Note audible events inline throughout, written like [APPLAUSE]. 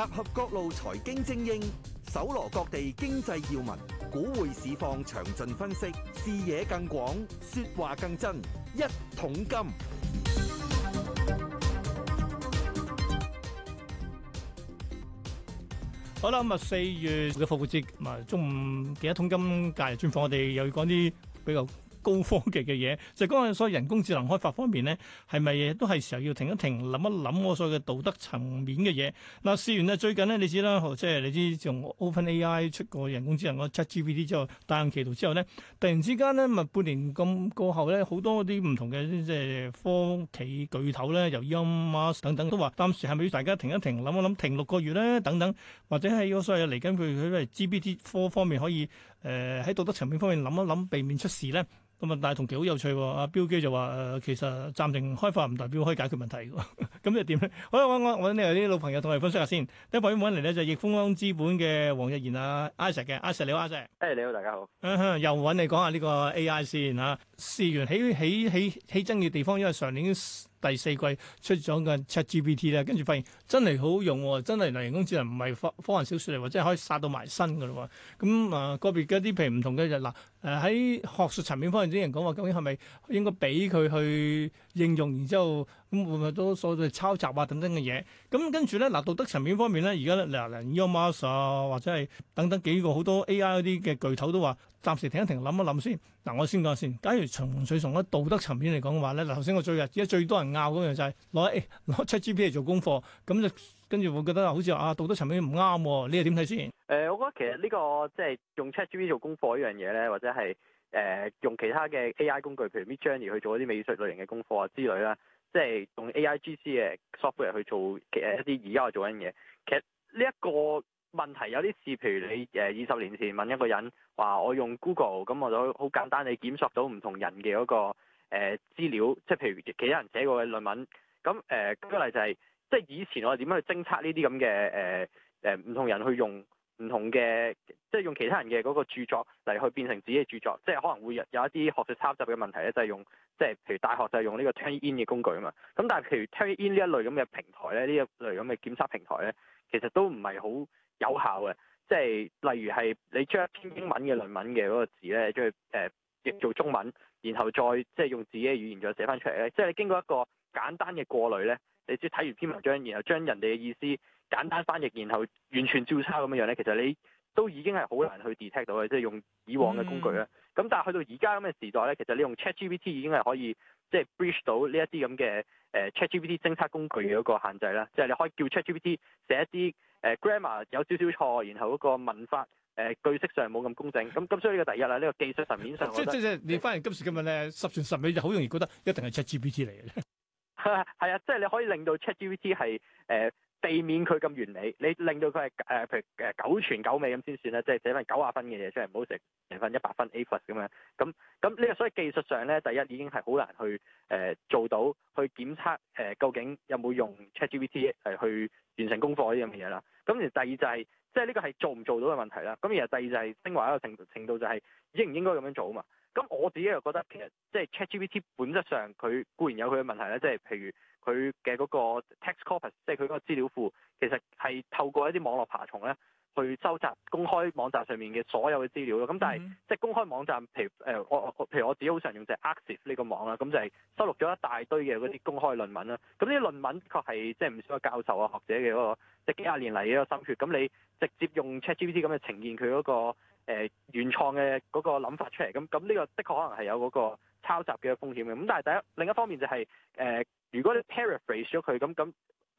集合各路財經精英，搜羅各地經濟要聞，股匯市況詳盡分析，視野更廣，説話更真，一桶金。好啦，咁啊四月嘅復活節，咁啊中午記得一桶金假日專訪，我哋又要講啲比較。高科技嘅嘢就係講緊所謂人工智能開發方面咧，係咪都係時候要停一停、諗一諗我所謂嘅道德層面嘅嘢？嗱，試完咧最近咧，你知啦，即係你知從 OpenAI 出過人工智能嗰七 GPT 之後大行其道之後咧，突然之間咧咪半年咁過後咧，好多啲唔同嘅即係科企、巨頭咧，由 Amazon 等等都話暫時係咪要大家停一停、諗一諗，停六個月咧等等，或者係個所謂嚟緊佢佢 GPT 科方面可以。誒喺道德層面方面諗一諗，避免出事咧，咁、嗯、啊，但係同幾好有趣喎、哦。阿 Bill Gates 就話誒、呃，其實暫停開發唔代表可以解決問題喎。咁 [LAUGHS] 又點咧？好啦，揾我揾你有啲老朋友同我哋分析下先。第一個先揾嚟咧，就易方資本嘅王逸研啊 Isaac 嘅 Isaac 你好 Isaac 你好，大家好。啊、又揾你講下呢個 AI 先啊，事源起起起起，起爭議嘅地方，因為上年。第四季出咗嘅 ChatGPT 咧，跟住發現真係好用，真係人工智能唔係科幻小說嚟，或者可以殺到埋身嘅咯喎。咁啊個別嘅一啲譬如唔同嘅日嗱，誒、呃、喺學術層面方面啲人講話，究竟係咪應該俾佢去應用，然之後？咁會唔會都所謂抄襲啊等等嘅嘢？咁跟住咧，嗱道德層面方面咧，而家嗱嗱 Amazon 啊或者係等等幾個好多 AI 嗰啲嘅巨頭都話暫時停一停，諗一諗先。嗱，我先講先。假如純粹從咧道德層面嚟講嘅話咧，嗱頭先我最日，而家最多人拗嗰樣就係攞攞 ChatGPT 嚟做功課，咁就跟住會覺得好似話啊道德層面唔啱、啊。你又點睇先？誒、呃，我覺得其實呢、這個即係、就是、用 ChatGPT 做功課呢樣嘢咧，或者係誒、呃、用其他嘅 AI 工具，譬如 Midjourney 去做一啲美術類型嘅功課之類啦。即係用 A I G C 嘅 software 去做嘅一啲而家我在做緊嘢。其實呢一個問題有啲似，譬如你誒二十年前問一個人話我用 Google 咁，我就好簡單地檢索到唔同人嘅嗰、那個誒、呃、資料，即係譬如其他人寫過嘅論文。咁誒、呃舉個例就係、是，即係以前我哋點樣去偵測呢啲咁嘅誒誒唔同人去用。唔同嘅，即係用其他人嘅嗰個著作嚟去變成自己嘅著作，即係可能會有有一啲學術抄襲嘅問題咧，就係用，即係譬如大學就係用呢個 Turnitin 嘅工具啊嘛。咁但係譬如 Turnitin 呢一類咁嘅平台咧，呢一類咁嘅檢測平台咧，其實都唔係好有效嘅。即係例如係你將一篇英文嘅論文嘅嗰個字咧，將佢誒譯做中文，然後再即係用自己嘅語言再寫翻出嚟咧，即係你經過一個簡單嘅過濾咧。你即係睇完篇文章，然後將人哋嘅意思簡單翻譯，然後完全照抄咁樣樣咧，其實你都已經係好難去 detect 到嘅，即係用以往嘅工具啦。咁、嗯、但係去到而家咁嘅時代咧，其實你用 ChatGPT 已經係可以即係 bridge 到呢一啲咁嘅誒 ChatGPT 偵測工具嘅一個限制啦。即係、嗯、你可以叫 ChatGPT 寫一啲誒 grammar 有少少錯，然後嗰個文法誒句式上冇咁公正。咁咁所以呢個第一啦，呢、這個技術層面上即即即係你翻嚟今時今日咧，就是、十全十美就好容易覺得一定係 ChatGPT 嚟嘅。係 [LAUGHS] 啊，即係你可以令到 ChatGPT 係誒、呃、避免佢咁完美，你令到佢係誒譬如誒、呃、九全九美咁先算啦。即係寫返九啊分嘅嘢出嚟，唔好成成份一百分，分 A plus 咁樣。咁咁呢個所以技術上咧，第一已經係好難去誒、呃、做到去檢測誒、呃、究竟有冇用 ChatGPT 係去完成功課呢啲咁嘅嘢啦。咁而第二就係、是、即係呢個係做唔做到嘅問題啦。咁而第二就係升華一個程程度就係、是、應唔應該咁樣做啊嘛。咁我自己又覺得，其實即係 ChatGPT 本質上佢固然有佢嘅問題咧，即係譬如佢嘅嗰個 text corpus，即係佢嗰個資料庫，其實係透過一啲網絡爬蟲咧。去收集公開網站上面嘅所有嘅資料咯，咁但係、嗯、即係公開網站，譬如誒、呃、我我譬如我自己好常用就是、Active 呢個網啦，咁就係收錄咗一大堆嘅嗰啲公開論文啦。咁呢啲論文確係即係唔少啊教授啊學者嘅嗰、那個即係幾廿年嚟嘅一個心血。咁你直接用 ChatGPT 咁去呈現佢嗰、那個、呃、原創嘅嗰個諗法出嚟，咁咁呢個的確可能係有嗰個抄襲嘅風險嘅。咁但係第一另一方面就係、是、誒、呃，如果你 paraphrase 咗佢，咁咁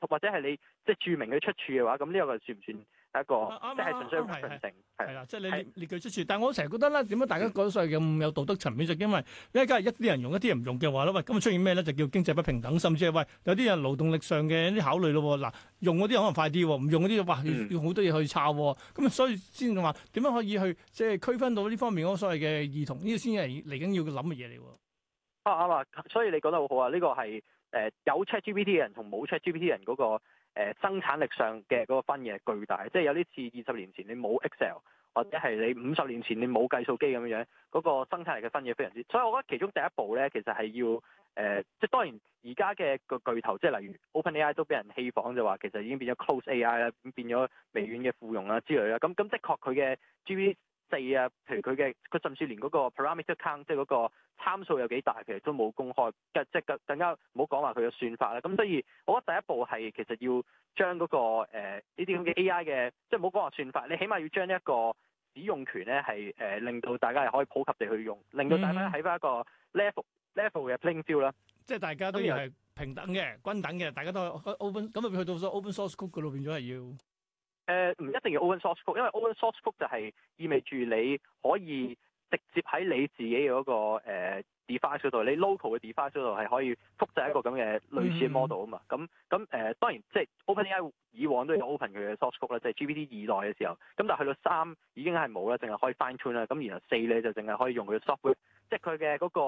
或者係你即係註明嘅出處嘅話，咁呢個算唔算？一個即係純粹一個公平性係啦，即係你列舉出處。但係我成日覺得咧，點解大家講得所謂咁有道德層面？就因為一家係一啲人用，一啲人唔用嘅話咧，喂，咁啊出現咩咧？就叫經濟不平等，甚至係喂有啲人勞動力上嘅一啲考慮咯。嗱，用嗰啲可能快啲，唔用嗰啲哇要好多嘢去抄。咁、嗯、所以先話點樣可以去即係區分到呢方面嗰個所謂嘅異同，呢個先係嚟緊要諗嘅嘢嚟。啊，啱啊！所以你講得好好啊，呢、這個係誒、呃、有 Chat GPT 嘅人同冇 Chat GPT 人嗰、那個。誒、呃、生產力上嘅嗰個分野巨大，即係有啲似二十年前你冇 Excel，或者係你五十年前你冇計數機咁樣樣，嗰、那個生產力嘅分野非常之，所以我覺得其中第一步咧，其實係要誒、呃，即係當然而家嘅個巨頭，即係例如 OpenAI 都俾人氣訪就話，其實已經變咗 Closed AI 啊，變咗微軟嘅附庸啦之類啦，咁咁的確佢嘅 GPT 四啊，譬如佢嘅，佢甚至連嗰個 parameter count，即係嗰個參數有幾大，其實都冇公開。即即係更加唔好講話佢嘅算法啦。咁所以，我覺得第一步係其實要將嗰、誒呢啲咁嘅 AI 嘅，即係唔好講話算法，你起碼要將一個使用權咧係誒令到大家係可以普及地去用，令到大家喺翻一個 level、mm hmm. level 嘅 playing field 啦。即係大家都要平等嘅、嗯、均等嘅，大家都 open 咁去、嗯、到 open source group 嘅咯，變咗係要。誒唔、uh, 一定要 open source code，因為 open source code 就係意味住你可以直接喺你自己嘅嗰、那個、uh, device 嗰度，你 local 嘅 device 嗰度係可以複製一個咁嘅類似 model 啊嘛。咁咁誒當然即係、就是、OpenAI 以往都有 open 佢嘅 source code 啦，即係 GPT 二代嘅時候。咁但係去到三已經係冇啦，淨係可以 fine tune 啦。咁然後四咧就淨係可以用佢嘅 software，即係佢嘅嗰、那個、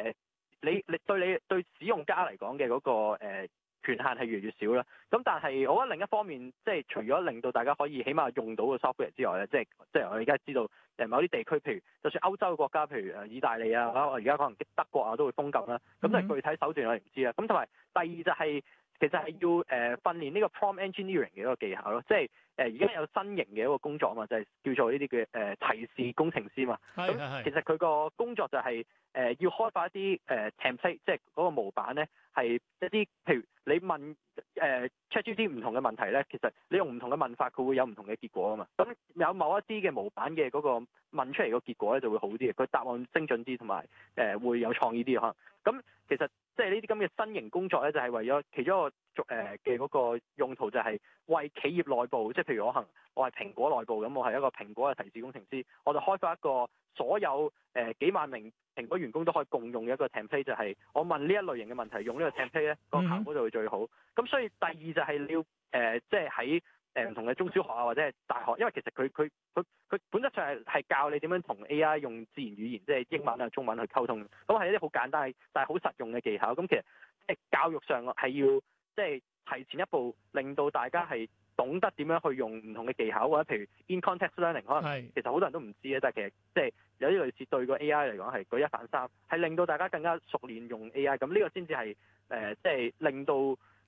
uh, 你你對你對使用家嚟講嘅嗰、那個、uh, 權限係越嚟越少啦，咁但係我覺得另一方面，即係除咗令到大家可以起碼用到個 software 之外咧，即係即係我而家知道，誒某啲地區譬如就算歐洲嘅國家，譬如誒意大利啊，啊我而家可能德國啊都會封禁啦，咁即係具體手段我哋唔知啦，咁同埋第二就係。其實係要誒、呃、訓練呢個 prompt engineering 嘅一個技巧咯，即係誒而家有新型嘅一個工作啊嘛，就係、是、叫做呢啲嘅誒提示工程師嘛。咁 [NOISE] 其實佢個工作就係、是、誒、呃、要開發一啲誒 template，即係嗰個模板咧係一啲譬如你問誒 chat GPT 唔同嘅問題咧，其實你用唔同嘅問法，佢會有唔同嘅結果啊嘛。咁有某一啲嘅模板嘅嗰個問出嚟嘅結果咧就會好啲，佢答案精準啲同埋誒會有創意啲可能。咁其實。即係呢啲咁嘅新型工作咧，就係、是、為咗其中一個誒嘅嗰個用途，就係為企業內部，即係譬如我行，我係蘋果內部咁、嗯，我係一個蘋果嘅提示工程師，我就開發一個所有誒、呃、幾萬名蘋果員工都可以共用嘅一個 template，就係我問呢一類型嘅問題，用呢個 template 咧，個效果就會最好。咁所以第二就係你要誒、呃，即係喺。誒唔同嘅中小學啊，或者係大學，因為其實佢佢佢佢本質上係係教你點樣同 AI 用自然語言，即係英文啊、中文去溝通，咁係一啲好簡單，但係好實用嘅技巧。咁其實即係教育上係要即係提前一步，令到大家係懂得點樣去用唔同嘅技巧，或者譬如 in-context learning，可能其實好多人都唔知咧，但係其實即係有啲類似對個 AI 嚟講係舉一反三，係令到大家更加熟練用 AI。咁呢個先至係誒，即係令到。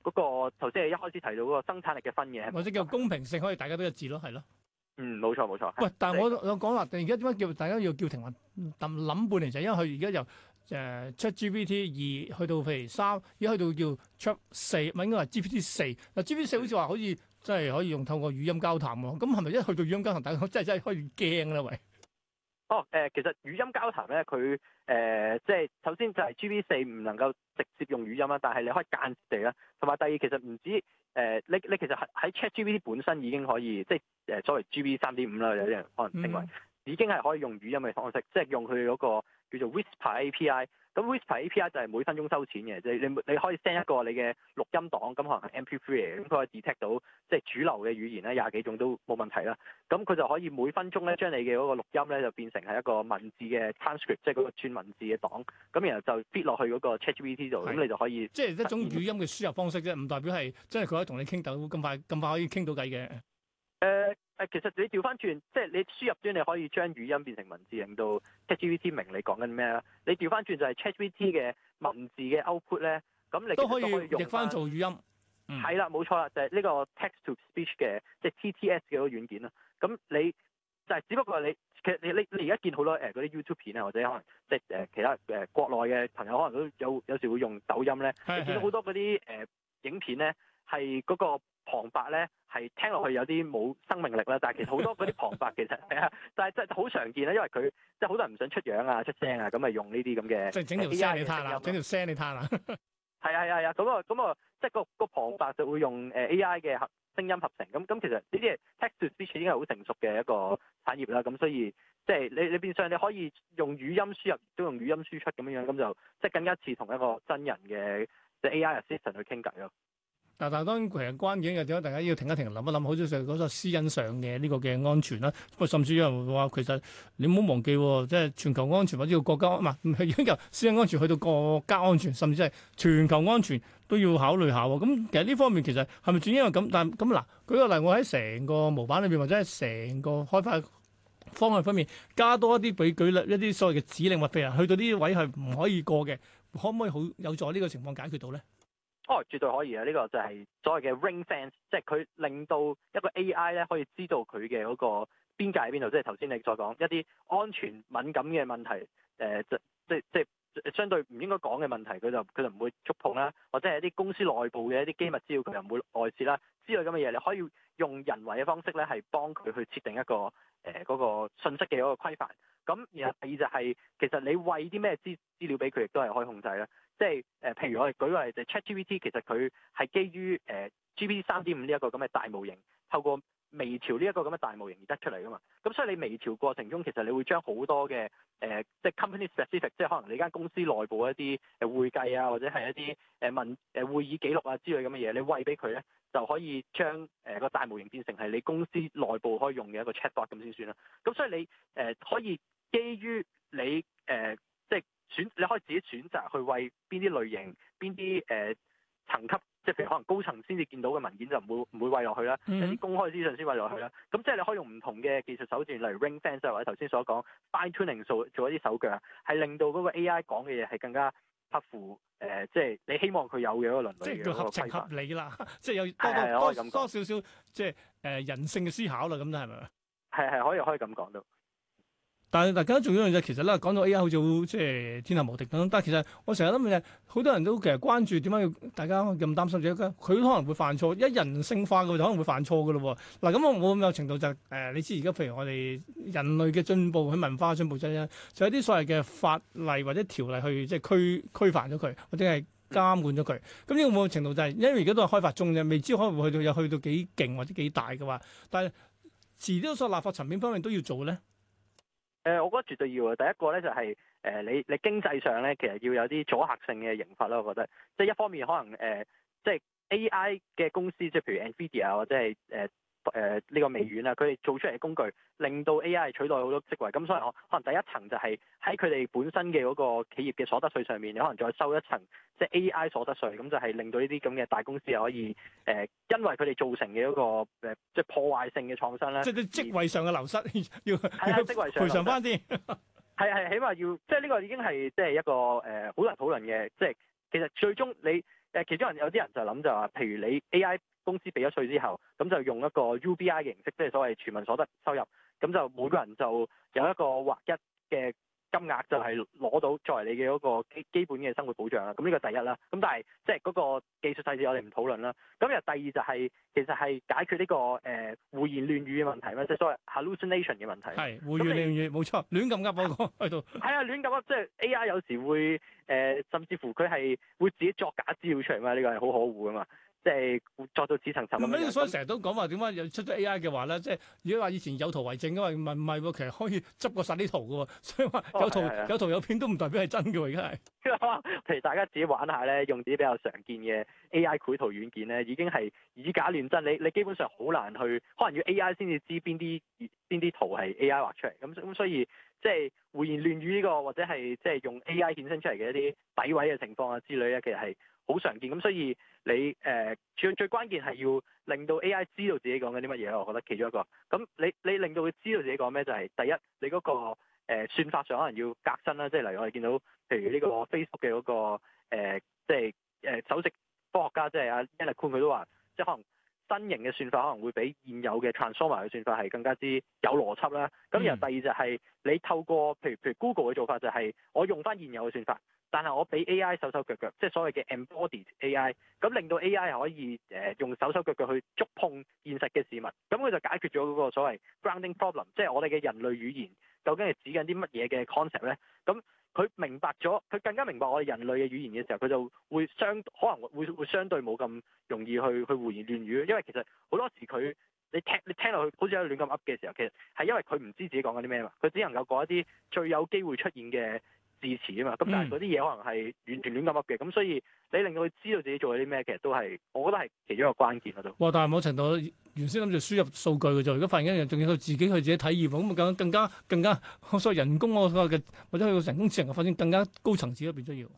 嗰個頭先係一開始提到嗰個生產力嘅分野，或者叫公平性，可以大家都一致咯，係咯。嗯，冇錯冇錯。係喂，但係我的我講話，而家點解叫大家要叫停運？諗半年就係、是、因為佢而家由誒、呃、出 GPT 二去到譬如三，而家去到叫出四，咪應該話 GPT 四、呃。嗱 GPT 四好似話可以的真係可以用透過語音交談喎。咁係咪一去到語音交談，大家真係真係開始驚啦？喂！哦，誒、oh, 呃，其實語音交談咧，佢誒、呃，即係首先就係 G B 四唔能夠直接用語音啦，但係你可以間接地啦。同埋第二，其實唔止誒、呃，你你其實喺喺 Chat G P T 本身已經可以，即係誒所謂 G B 三點五啦，有啲人可能認為、mm hmm. 已經係可以用語音嘅方式，即係用佢嗰個叫做 Whisper A P I。咁 Whisper API 就係每分鐘收錢嘅，即係你你可以 send 一個你嘅錄音檔，咁可能係 MP3 嘅，咁佢可以 detect 到即係主流嘅語言咧，廿幾種都冇問題啦。咁佢就可以每分鐘咧將你嘅嗰個錄音咧就變成係一個文字嘅 transcript，即係嗰個轉文字嘅檔。咁然後就 fit 落去嗰個 ChatGPT 度，咁是你就可以即係一種語音嘅輸入方式啫，唔代表係即係佢可以同你傾到咁快咁快可以傾到偈嘅。誒。Uh, 誒，其實你調翻轉，即係你輸入端你可以將語音變成文字，令到 ChatGPT 明你講緊咩啦。你調翻轉就係 ChatGPT 嘅文字嘅 output 咧，咁你都可以用翻做語音。係啦、嗯，冇錯啦，就係、是、呢個 text to speech 嘅，即係 TTS 嘅個軟件啦。咁你就係、是、只不過你其實你你你而家見好多誒嗰、呃、啲 YouTube 片啊，或者可能即係誒、呃、其他誒國內嘅朋友可能都有有時會用抖音咧，是是是你見到好多嗰啲誒影片咧係嗰個。旁白咧係聽落去有啲冇生命力啦，但係其實好多嗰啲旁白其實係啊， [LAUGHS] 但係真係好常見啦，因為佢即係好多人唔想出樣啊、出聲啊，咁咪用呢啲咁嘅，即係整條聲你攤啦，整條聲你攤啦。係啊係啊，咁啊咁啊，即係個個旁白就會用誒 AI 嘅合聲音合成咁咁、嗯，其實呢啲係 text-to-speech 應該係好成熟嘅一個產業啦。咁、嗯、所以即係你你變相你可以用語音輸入都用語音輸出咁樣樣，咁就即係更加似同一個真人嘅即係 AI assistant 去傾偈咯。嗱，但係當然其實關鍵嘅點解大家要停一停、諗一諗，好似就嗰個私隱上嘅呢個嘅安全啦。不過甚至有人話，其實你唔好忘記，即係全球安全或者個國家，唔係已經由私隱安全去到國家安全，甚至係全球安全都要考慮下喎。咁其實呢方面其實係咪轉因為咁？但咁嗱，舉個例，我喺成個模板裏面或者係成個開發方向方面，加多一啲比舉例一啲所謂嘅指令或譬如去到呢啲位係唔可以過嘅，可唔可以好有助呢個情況解決到咧？哦，絕對可以啊！呢、這個就係所謂嘅 Ring Fence 即係佢令到一個 AI 咧可以知道佢嘅嗰個邊界喺邊度。即係頭先你所講一啲安全敏感嘅問題，誒、呃，即即即相對唔應該講嘅問題，佢就佢就唔會觸碰啦，或者係一啲公司內部嘅一啲機密資料，佢就唔會外泄啦之類咁嘅嘢。你可以用人為嘅方式咧，係幫佢去設定一個誒嗰、呃那個信息嘅嗰個規範。咁第二就係、是、其實你喂啲咩資資料俾佢，亦都係可以控制啦。即係誒、呃，譬如我哋舉個例，就係、ChatGPT 其實佢係基於誒、呃、GPT 三點五呢一個咁嘅大模型，透過微調呢一個咁嘅大模型而得出嚟噶嘛。咁所以你微調過程中，其實你會將好多嘅誒、呃，即係 company specific，即係可能你間公司內部一啲誒會計啊，或者係一啲誒問誒會議記錄啊之類咁嘅嘢，你喂俾佢咧，就可以將誒、呃個大模型變成係你公司內部可以用嘅一個 chatbot 咁先算啦。咁所以你誒可以基於你誒，呃選你可以自己選擇去喂邊啲類型、邊啲誒層級，即係譬如可能高層先至見到嘅文件就唔會唔會喂落去啦，一啲，mm hmm. 公開資訊先喂落去啦。咁即係你可以用唔同嘅技術手段，例如 ring fence 或者頭先所講 fine tuning 做做一啲手腳，係令到嗰個 AI 講嘅嘢係更加合乎誒、呃，即係你希望佢有嘅一個倫理即係合情合理啦，即係有多多，多少少即係誒、呃、人性嘅思考啦，咁樣係咪啊？係係可以可以咁講到。但係大家仲有一樣嘢，其實咧，講到 A. I. 好似即係天下無敵咁。但係其實我成日諗嘅好多人都其實關注，點解要大家咁擔心？者佢可能會犯錯，一人性化嘅就可能會犯錯嘅咯。嗱，咁我冇咁有，有程度就誒、是呃，你知而家譬如我哋人類嘅進步，佢文化進步真、就、真、是，就係一啲所謂嘅法例或者條例去即係規規範咗佢，或者係監管咗佢。咁有冇程度就係、是、因為而家都係開發中啫，未知可能會去到有去到幾勁或者幾大嘅話。但係遲啲所立法層面方面都要做咧。誒、呃，我覺得絕對要。第一個咧就係、是，誒、呃，你你經濟上咧，其實要有啲阻嚇性嘅刑罰啦。我覺得，即係一方面可能誒、呃，即係 AI 嘅公司，即係譬如 Nvidia 啊，或者係誒。呃誒呢、呃這個微軟啦，佢哋做出嚟嘅工具，令到 AI 取代好多職位，咁所以我可能第一層就係喺佢哋本身嘅嗰個企業嘅所得稅上面，你可能再收一層即係 AI 所得稅，咁就係令到呢啲咁嘅大公司可以誒、呃，因為佢哋造成嘅一、那個誒、呃，即係破壞性嘅創新咧，即係職位上嘅流失 [LAUGHS] 要喺啊，的職位上賠償翻啲，係係 [LAUGHS] 起碼要，即係呢個已經係即係一個誒好、呃、難討論嘅，即係其實最終你。誒，其中人有啲人就諗就話，譬如你 AI 公司俾咗稅之後，咁就用一個 UBI 形式，即係所謂全民所得收入，咁就每個人就有一個劃一嘅。金額就係攞到作為你嘅嗰個基基本嘅生活保障啦，咁、這、呢個第一啦。咁但係即係嗰個技術細節我哋唔討論啦。咁然後第二就係、是、其實係解決呢、這個誒胡、呃、言亂語嘅問題嘛，即係所謂 hallucination 嘅問題。係、就是、你胡言亂語，冇錯，亂咁噏嗰個喺度。係 [LAUGHS] 啊，亂咁噏，即係 AI 有時會誒、呃，甚至乎佢係會自己作假資料出嚟嘛，呢、這個係好可惡噶嘛。即係做到似層層，咁樣所以成日都講話點解又出咗 A.I. 嘅話咧？即係如果話以前有圖為證嘅話，唔係唔係其實可以執過晒啲圖嘅喎，所以話有圖有圖有片都唔代表係真嘅喎，而家係。譬 [LAUGHS] 如大家自己玩下咧，用自己比較常見嘅 A.I. 繪圖軟件咧，已經係以假亂真。你你基本上好難去，可能要 A.I. 先至知邊啲邊啲圖係 A.I. 畫出嚟。咁咁所以即係胡言亂語呢個，或者係即係用 A.I. 衍生出嚟嘅一啲詆毀嘅情況啊之類咧，其實係。好常見咁，所以你誒、呃、最最關鍵係要令到 A.I. 知道自己講緊啲乜嘢，我覺得其中一個。咁你你令到佢知道自己講咩就係、是、第一，你嗰、那個、呃、算法上可能要革新啦，即係例如我哋見到譬如呢個 Facebook 嘅嗰、那個、呃、即係誒、呃、首席科學家即係阿 Yann LeCun 佢都話，即係可能新型嘅算法可能會比現有嘅 Transformer 嘅算法係更加之有邏輯啦。咁然後第二就係、是、你透過譬如譬如 Google 嘅做法就係、是、我用翻現有嘅算法。但係我俾 AI 手手腳腳，即係所謂嘅 embodied AI，咁令到 AI 可以誒、呃、用手手腳腳去觸碰現實嘅事物，咁佢就解決咗嗰個所謂 grounding problem，即係我哋嘅人類語言究竟係指緊啲乜嘢嘅 concept 咧？咁佢明白咗，佢更加明白我哋人類嘅語言嘅時候，佢就會相可能會會相對冇咁容易去去胡言亂語，因為其實好多時佢你聽你聽落去好似喺亂咁噏嘅時候，其實係因為佢唔知自己講緊啲咩嘛，佢只能夠講一啲最有機會出現嘅。支持啊嘛，咁但係嗰啲嘢可能係完全亂噉噏嘅，咁所以你令到佢知道自己做咗啲咩，其實都係我覺得係其中一個關鍵嗰度。哇！但係某程度原先諗住輸入數據嘅啫，如果發現一樣，仲要佢自己去自己體驗，咁更更加更加所謂人工所謂嘅或者去人工智能嘅發展更加高層次入邊需要。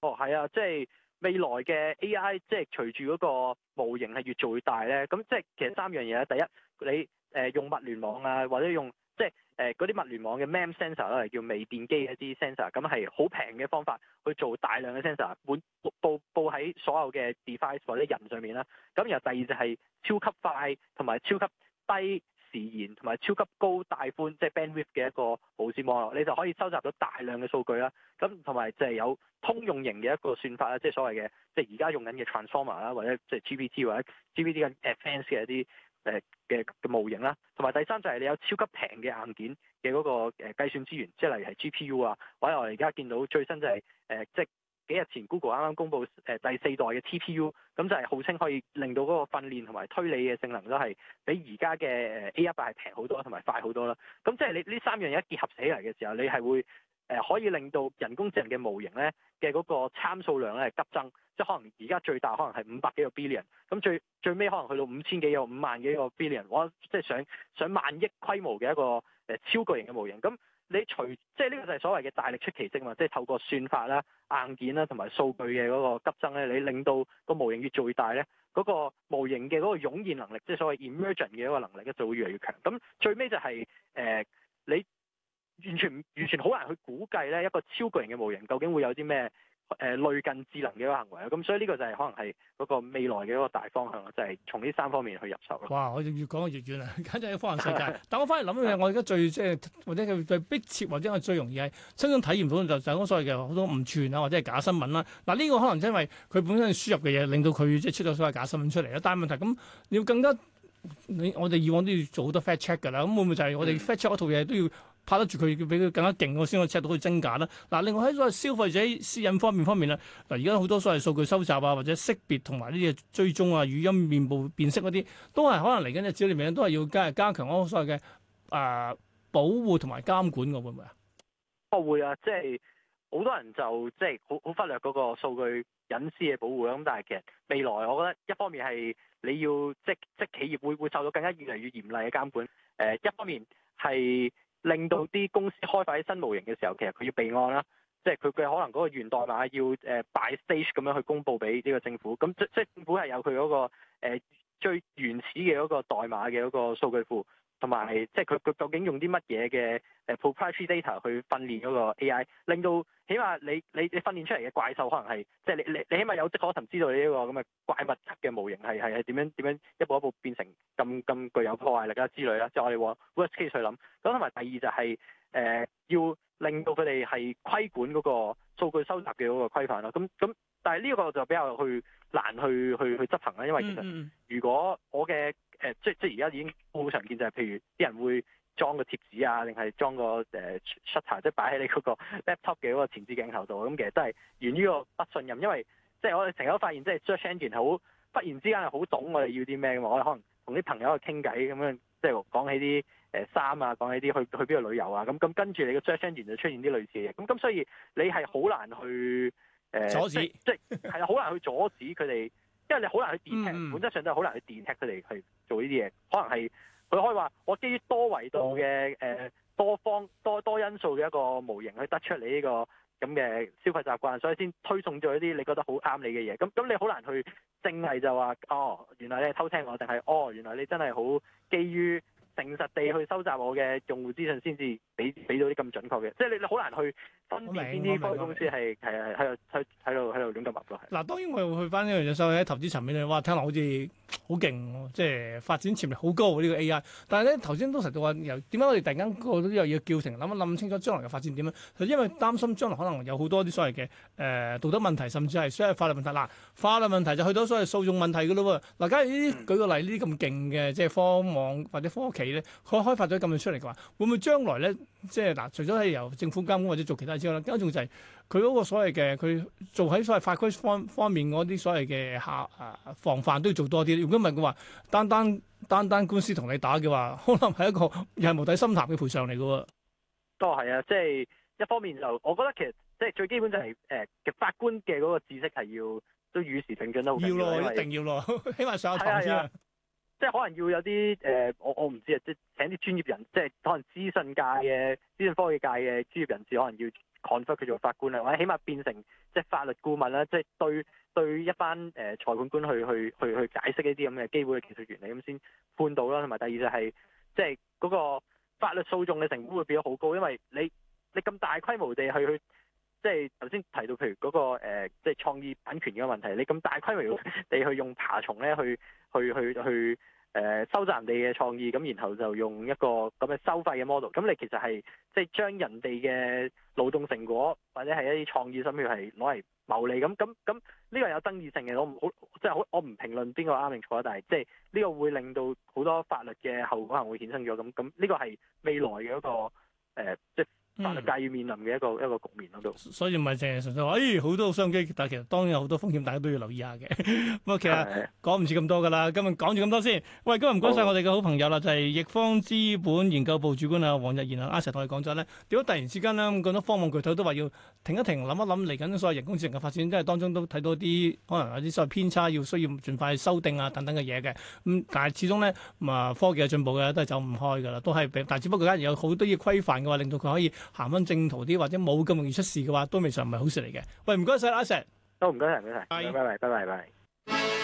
哦，係啊，即係未來嘅 AI，即係隨住嗰個模型係越做越大咧，咁即係其實三樣嘢啦。第一，你誒、呃、用物聯網啊，或者用。即係誒嗰啲物聯網嘅 MEM sensor 啦，係叫微電機一啲 sensor，咁係好平嘅方法去做大量嘅 sensor，布布布喺所有嘅 device 或者人上面啦。咁、嗯、然後第二就係超級快同埋超級低時延同埋超級高帶寬，即係 bandwidth 嘅一個無線網絡，你就可以收集到大量嘅數據啦。咁同埋就係有通用型嘅一個算法啦，即係所謂嘅即係而家用緊嘅 transformer 啦，或者即係 GPT 或者 GPT 嘅 advanced 嘅一啲，誒嘅模型啦，同埋第三就係你有超級平嘅硬件嘅嗰個誒計算資源，即係例如係 GPU 啊，或者我而家見到最新就係、是、誒，即係是、呃就是、幾日前 Google 啱啱公布誒、呃、第四代嘅 TPU，咁就係號稱可以令到嗰個訓練同埋推理嘅性能都係比而家嘅 A18 係平好多同埋快好多啦。咁即係你呢三樣嘢一結合起嚟嘅時候，你係會。誒、呃、可以令到人工智能嘅模型咧嘅嗰個參數量咧急增，即係可能而家最大可能係五百幾個 billion，咁最最尾可能去到五千幾個、五萬幾個 billion，我即係想上萬億規模嘅一個誒超巨型嘅模型。咁你除即係呢個就係所謂嘅大力出奇蹟嘛，即係透過算法啦、硬件啦同埋數據嘅嗰個急增咧，你令到個模型越最大咧，嗰、那個模型嘅嗰個湧現能力，即係所謂 emergent 嘅一個能力咧，就會越嚟越強。咁最尾就係、是、誒、呃、你。完全完全好難去估計咧，一個超巨型嘅模型究竟會有啲咩誒類近智能嘅一個行為啊！咁所以呢個就係可能係嗰個未來嘅一個大方向就係、是、從呢三方面去入手咯。哇！我越講越遠啊，簡直係科幻世界。但係我翻嚟諗嘢， [LAUGHS] 我而家最即係或者佢最迫切，或者係最容易係親身體驗到就就係嗰所謂嘅好多誤傳啦，或者係假新聞啦。嗱、啊、呢、啊呢個可能因為佢本身輸入嘅嘢，令到佢即係出咗所謂假新聞出嚟。但、那、係、個、問題咁你要更加你我哋以往都要做好多 fact check 噶啦。咁會唔會就係我哋 fact check 嗰套嘢都要、嗯？拍得住佢，俾佢更加勁，我先可以 check 到佢真假啦。嗱，另外喺所謂消費者私隱方面方面咧，嗱而家好多所謂數據收集啊，或者識別同埋呢啲嘢，追蹤啊、語音、面部辨識嗰啲，都係可能嚟緊嘅資料裡面咧，都係要加加強所謂嘅誒、呃、保護同埋監管嘅，會唔會啊？我會啊，即係好多人就即係好好忽略嗰個數據隱私嘅保護。咁但係其實未來，我覺得一方面係你要即即、即係即係、企業會會受到更加越嚟越嚴厲嘅監管。誒、呃，一方面係。令到啲公司開發啲新模型嘅時候，其實佢要備案啦，即係佢嘅可能嗰個原代碼要誒 by stage 咁樣去公佈俾呢個政府，咁即即政府係有佢嗰個最原始嘅嗰個代碼嘅嗰個數據庫。同埋，即係佢佢究竟用啲乜嘢嘅誒 proprietary data 去訓練嗰個 AI，令到起碼你你你訓練出嚟嘅怪獸可能係，即係你你你起碼有跡可尋知道呢個咁嘅怪物級嘅模型係係係點樣點樣一步一步變成咁咁具有破壞力啦之類啦，即係我哋往 worst case 去諗咁同埋第二就係、是。誒、呃、要令到佢哋係規管嗰個數據收集嘅嗰個規範咯，咁咁，但係呢個就比較去難去去去，去執行啦，因為其實如果我嘅誒，即即而家已經好常見就係、是，譬如啲人會裝個貼紙啊，定係裝個誒、呃、shutter，即係擺喺你嗰個 laptop 嘅嗰個前置鏡頭度，咁其實都係源於個不信任，因為即係我哋成日都發現，即係 search engine 好忽然之間係好懂我哋要啲咩，嘛。我哋可能同啲朋友去傾偈咁樣。即係講起啲誒衫啊，講起啲去去邊度旅遊啊，咁、嗯、咁跟住你個 search engine 就出現啲類似嘅嘢，咁、嗯、咁所以你係好難去誒，呃、阻止即係即係係好難去阻止佢哋，因為你好難去 detect、嗯，本質上都係好難去 detect 佢哋去做呢啲嘢，可能係佢可以話我基於多維度嘅誒、呃、多方多多因素嘅一個模型去得出你呢、這個。咁嘅消費習慣，所以先推送咗一啲你覺得好啱你嘅嘢。咁咁你好難去淨係就話，哦，原來你係偷聽我，定係哦，原來你真係好基於誠實地去收集我嘅用戶資訊先至。俾、俾到啲咁準確嘅，即係你好難去分辨邊啲科技公司係係係喺度喺喺度亂咁搏咯。嗱，當然我又去翻呢樣嘢，所收喺投資層面咧。哇，聽落好似好勁，即係發展潛力好高呢個 AI。但係咧頭先都實到話，由點解我哋突然間過咗又要叫停？諗一諗清楚將來嘅發展點樣？就因為擔心將來可能有好多啲所謂嘅誒道德問題，甚至係所謂法律問題。嗱，法律問題就去到所謂訴訟問題嘅咯喎。嗱，假如呢啲，舉個例，呢啲咁勁嘅即係科網或者科企咧，佢開發咗咁樣出嚟嘅話，會唔會將來咧？即係嗱，除咗係由政府監管或者做其他之外啦，更加重要就係佢嗰個所謂嘅佢做喺所謂法規方方面嗰啲所謂嘅嚇啊防範都要做多啲。如果唔係佢話，單單，單單單官司同你打嘅話，可能係一個又係無底深潭嘅賠償嚟嘅喎。都係、哦、啊，即、就、係、是、一方面就我覺得其實即係最基本就係誒嘅法官嘅嗰個知識係要都與時並進咯。要咯，要了為一定要咯，起碼上堂先。 [LAUGHS] 即係可能要有啲誒，我我唔知啊！即係請啲專業人，即係可能資訊界嘅、資訊科技界嘅專業人士，可能要 conflict 佢做法官啦。或者起碼變成即係法律顧問啦，即係對對一班誒裁判官去去去去解釋呢啲咁嘅基本嘅技術原理咁先判到啦。同埋第二就係即係嗰個法律訴訟嘅成本會變得好高，因為你你咁大規模地去去即係頭先提到譬如嗰個即係創意版權嘅問題，你咁大規模地去用爬蟲咧去去去去。誒收集人哋嘅創意，咁然後就用一個咁嘅收費嘅 model，咁你其實係即係將人哋嘅勞動成果或者係一啲創意心血係攞嚟牟利，咁咁咁呢個係有爭議性嘅，我唔好即係好，我唔評論邊個啱定錯，但係即係呢個會令到好多法律嘅後果可能會衍生咗，咁咁呢個係未來嘅一個誒，即、呃即係但係介要面臨嘅一個一個局面喺度，嗯、所以唔係淨係純粹話，咦好多商機，但係其實當然有好多風險，大家都要留意下嘅。不 [LAUGHS] 過其實講唔切咁多噶啦，今日講住咁多先。喂，今日唔該晒我哋嘅好朋友啦，就係、是、易方資本研究部主管啊王逸研好啊，啱先同你講咗咧，點解突然之間咧咁多科網巨頭都話要停一停，諗一諗嚟緊所謂人工智能嘅發展，因為當中都睇到啲可能有啲所謂偏差，要需要盡快修訂啊等等嘅嘢嘅。咁但係始終咧啊科技嘅進步嘅都係走唔開噶啦，都係，但係只不過而家有好多要規範嘅話，令到佢可以。行翻正途啲，或者冇咁容易出事嘅話，都未嘗唔係好事嚟嘅。喂，唔該曬，阿 Sir，都唔該曬，唔該曬，拜拜拜拜拜拜。Bye, bye bye, bye bye.